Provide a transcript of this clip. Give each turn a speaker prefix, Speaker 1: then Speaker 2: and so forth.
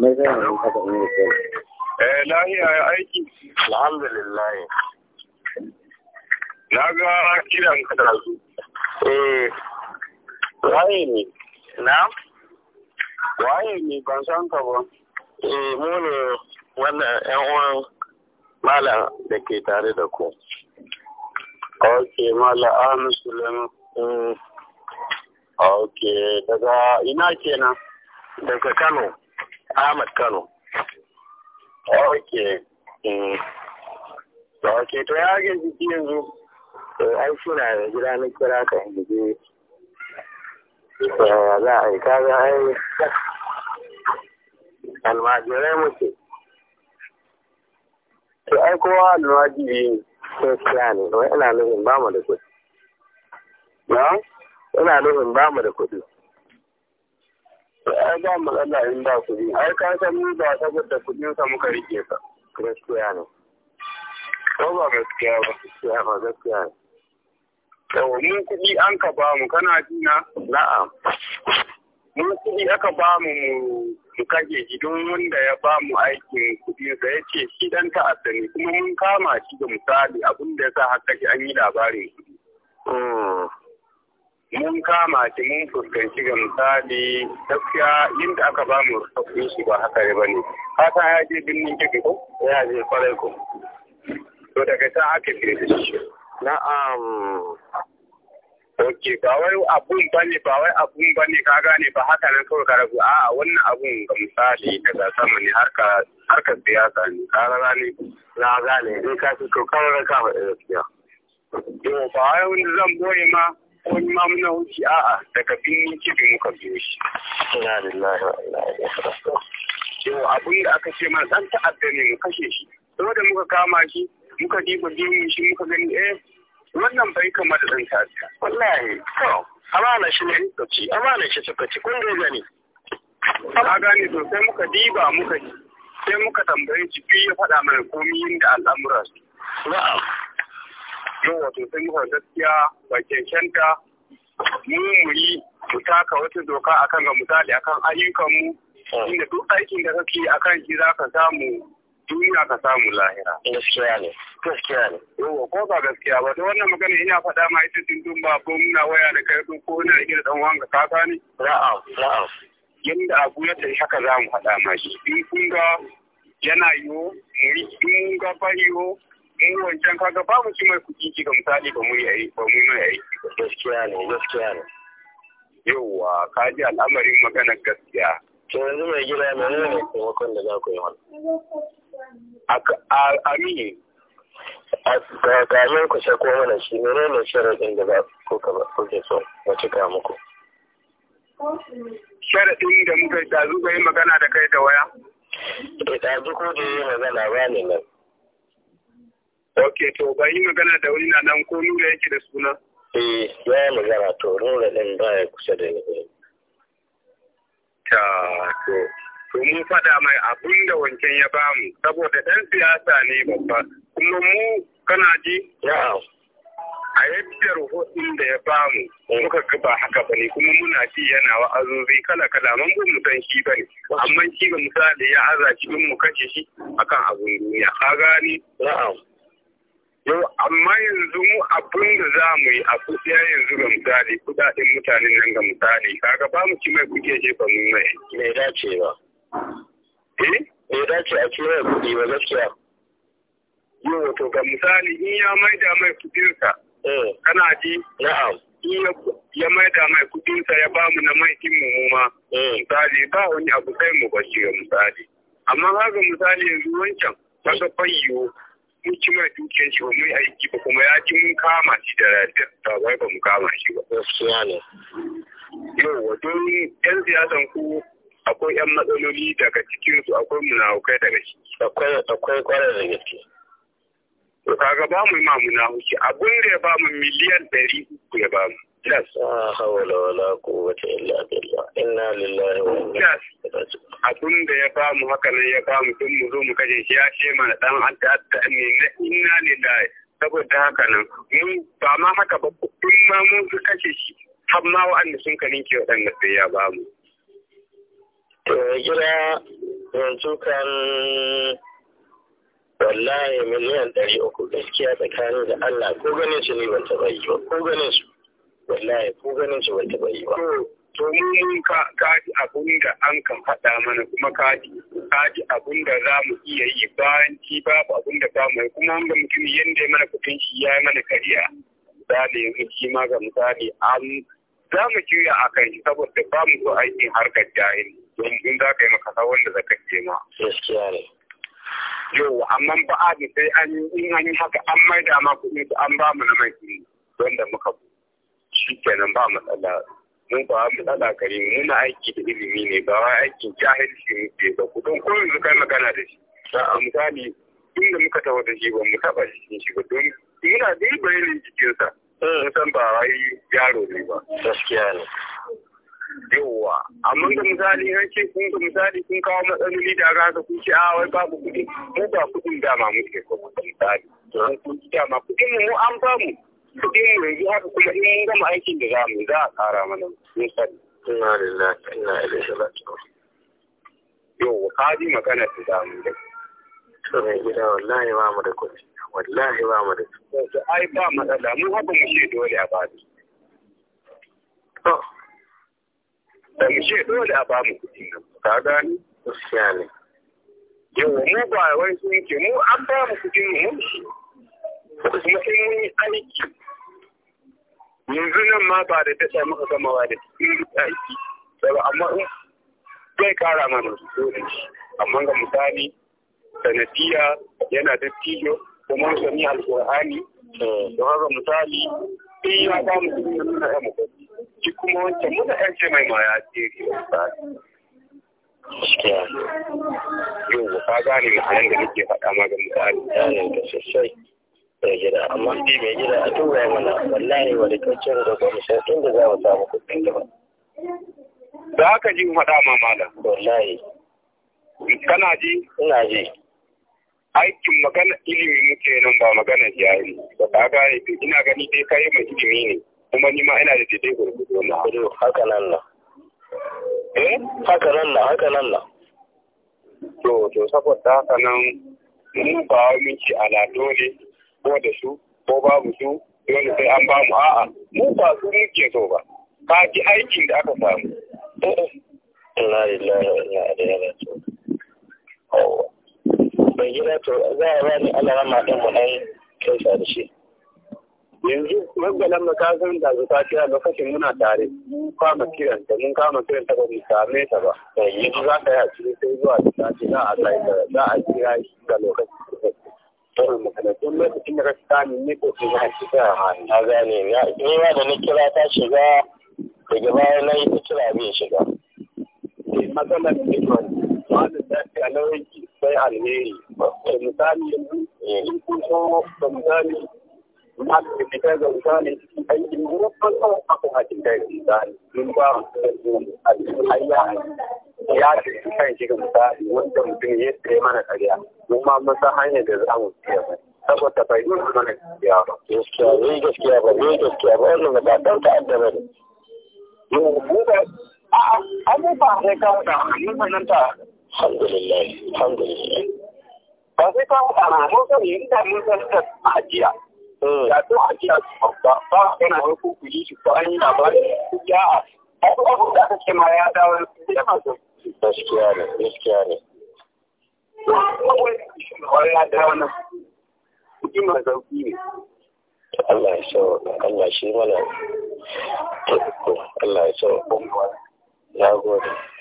Speaker 1: mai zai yi haka in da kai eh lahiya ya aiki alhamdulillah na ga kiran ka da su eh waye ne na waye ne ban san ka ba eh mu ne wannan yan uwan malam da ke tare da ku ok malam ahmed sulaiman mm. ok daga ina kenan daga kano Ahmad Kano. Ok. Eh, ok, to ya ga jiki yanzu. Eh, ai suna da gida na kira ka jiki. Eh, za a yi kaga ai almajirai muke. To ai kowa almajiri sun siya ne, ina nufin ba mu da kuɗi. Na? Ina nufin ba mu da kuɗi. ai eh, ba matsala in ba kuɗi ai ka san mu ba saboda kuɗin sa muka rike ka gaskiya ne ko ba gaskiya ba gaskiya ba gaskiya ne to mu kuɗi an ka ba mu kana jina na'am mu kuɗi aka ba mu mu kage shi don wanda ya ba mu aikin kuɗi sa ya ce shi dan ta'adda ne kuma mun kama shi da misali abin da ya sa haka shi an yi labarin kuɗi hmm. mun kama shi mun fuskanci ga misali gaskiya inda aka ba mu rufe shi ba haka ne bane Haka ya je birnin kiki ko ya je kwarai ko to daga ta aka da shi na'am Oke, ba wai abun ba ne, ba wai abun ba ne, ka gane ba haka nan kawai ka rabu, a wannan abun ga misali daga sama ne harka siyasa ne, rara ne, na gane, ni. ka fi to karara ka faɗi gaskiya. Yau, ba wai wanda zan boye ma, ko ma muna wuce a'a daga birnin kibi muka biyo shi inna lillahi wa inna ilaihi yau abin da aka ce mana dan ta'adda ne mu kashe shi da muka kama shi muka diba birnin shi muka gani eh wannan bai kama da ɗan ta'adda wallahi to amana shi ne lokaci amana shi suka ci kun gani ka gane sosai muka diba muka sai muka tambaye shi biyu ya faɗa mana komi da al'amura. su yau wato sun gaskiya ba cancanta mu mu yi mu taka wata doka akan ga misali akan ayyukanmu hmm. inda duk aikin da kake akan shi za ka samu duniya ka samu lahira. Gaskiya ne. Gaskiya ne. Yau ko ba gaskiya ba ta wannan magana ina faɗa ma ita tuntun ba ko muna waya da kai ko ina da gida dan wanga kaka ne. ra'a na'am. Yanda abu ya tafi haka za mu faɗa ma shi. In kun ga yana yiwo mu yi in mun ga bai yiwo Mu eh, wancan kaga ba mu ci mai kuɗi ki ga misali ba mu yi ba mu mai aiki gaskiya ne gaskiya ne yauwa ka ji al'amarin maganar gaskiya to yanzu mai gida mai nuna ne taimakon da za ku yi mana. A amin ga gamin ku sai ko mana shi ne ne sharadin da ba ku ka ke so mu cika muku sharadin da muka da zuwa yi magana da kai da waya eh da duk da yi magana ba ne nan ok to ba yi magana da wani na nan ko nura yake da suna eh ya magana to nura ɗin ba ya kusa da ni ta to to mun faɗa mai abin da wancan ya bamu saboda ɗan siyasa ne babba kuma mu kana ji na'am a yadda rahoton da ya bamu eh. muka ga haka ba ne kuma muna ci yana wa'azozi kala kala mun ba mu san shi ba ne amma shi ga misali ya aza shi mu kashe shi akan abin duniya ka gani Yau, amma yanzu mu abin da za mu yi a kusiya yanzu ga misali, kudaden mutanen nan ga misali, kaga ba mu ci mai kuke ba mu mai. Mai dace ba. Eh? Mai dace a ce mai kudi ba gaskiya. Yau, wato ga misali in ya maida mai kuɗinsa. Eh. Kana ji? Na'am. ya maida mai kudinsa ya ba mu na mai kin mu ma eh. misali ba wani abu sai mu ba, shi ga misali amma ga misali yanzu wancan ga fayyo mun ci mai dukiyar shi ba mun aiki ba kuma ya ci mun kama shi da radiyar ba wai ba mu kama shi ba. Gaskiya ne. Yau don ƴan siyasan ku akwai ƴan matsaloli daga cikinsu akwai munafukai daga shi. Akwai akwai kwarar da gaske. To kaga ba mu ma munafuki abun da ya ba mu miliyan ɗari uku ya ba mu. Yes. La hawla wala wata illa billah. Inna lillahi wa inna ilaihi raji'un. abin da ya bamu haka nan ya bamu tun mu zo mu kaje shi ya ce mana dan adda ne na inna lillahi saboda haka nan mun ba ma haka ba kun ma mun su kashe shi amma ma wa'anda sun ka ninke waɗanda sai ya bamu. To gida yanzu kan wallahi miliyan ɗari uku gaskiya tsakanin da Allah ko ganin shi ne ban taɓa yi ba ko ganin shi wallahi ko ganin shi ban taɓa yi ba. to mun ka kaji abun da an kan faɗa mana kuma kaji kaji abun da za mu iya yi bayan ci babu abun da ba mu yi kuma wanda mutum yadda ya mana kuɗin shi ya mana kariya mu yi shi ma ga misali an za mu juya a kan shi saboda ba mu so aikin harkar jahil don in za ka yi maka wanda za ka je ma. Gaskiya ne. Yau amma ba a sai an in an yi haka an maida ma kuɗin su an ba mu na mai wanda muka shi kenan ba matsala Mun ba mu tsada kare muna aiki da ilimi ne ba wai aikin jahilci muke ba kudin ko yanzu kai magana da shi a misali tun da muka taho da shi ba mu taba shi shi ba don muna dai bayanin jikinsa hmm. mun san ba wai yaro ne ba gaskiya ne yauwa amma da misali an ce kun ga misali kun kawo matsaloli da ga ka kun ce a ah, wai babu kuɗi mu ba kuɗin dama muke ko misali kun dama kuɗin mu an ba mu mai yanzu haka kuma in gama aikin da zamu za a kara mana misali inna lillahi inna ilaihi yau ka ji magana ta zamu da to mai gida wallahi ba mu da kuɗi wallahi ba mu da kuɗi to ai ba matsala mu haka mu ce dole a ba to da mu ce dole a ba mu kuɗi ka gani gaskiya ne yau mu ba wai sun ke mu an ba mu kuɗi mu mun kuma sai mun yi aiki yanzu nan ma ba da ta muka gama ba da cikin aiki amma in zai kara mana su shi, amma ga misali sanadiyya yana da tijo kuma ni alƙur'ani da haka misali in ya ba mu cikin nuna ya muka shi kuma wancan muna yan ce mai ma ya tsere misali yau ba ka gane ma'anar da nake faɗa ma ga misali ya da sosai sai gida amma bi mai gida a tura mana wallahi wani kacin da ba mu san inda za mu samu kuɗin da ba. Da haka ji faɗa ma malam. Wallahi. Kana ji? Ina ji. Aikin magana ilimi muke nan ba magana jari. Ba ta gane ina gani dai kai mai ilimi ne. Kuma ni ma ina da daidai gurgudu na. Haka nan na. Eh? Haka nan na, haka nan na. To, to saboda haka nan mun ba wa ci ala ne. rabuwa da su ko babu su dole sai an ba mu a'a mu ba su muke so ba ka ji aikin da aka samu la gida to za a bani Allah ma mu dai kai da shi yanzu magbalan mu ka san da zuwa kira lokacin muna tare mun kama kiran ta mun kama kiran ta ba mu same ta ba yanzu za ka yi a cikin sai zuwa ta ce za a za a kira shi da lokacin don lokacin da ka sami ne ko ke za ki ga na gane na nema yi ta eh, a nauyi sai alheri da misali in a ya tafi kan shi ga misali wanda mutum ya tsaye mana karya Mun ma mun san hanyar da za mu tsaya ba saboda bai yi mana gaskiya ba gaskiya ne gaskiya ba ne gaskiya ba wannan ba dan ta ba, ne mu mu ba a abubuwa sai ka wuta ni nan ta alhamdulillah alhamdulillah ba sai ka wuta na mun san yin da mun san ta ajiya hmm. ya to ajiya ba ba kana wani kuku yi shi ko an yi labari ya a abubuwa da aka ce ma ya dawo ya masu gaskiya ne gaskiya ne Allah ya Allah shi mana Allah ya ya gode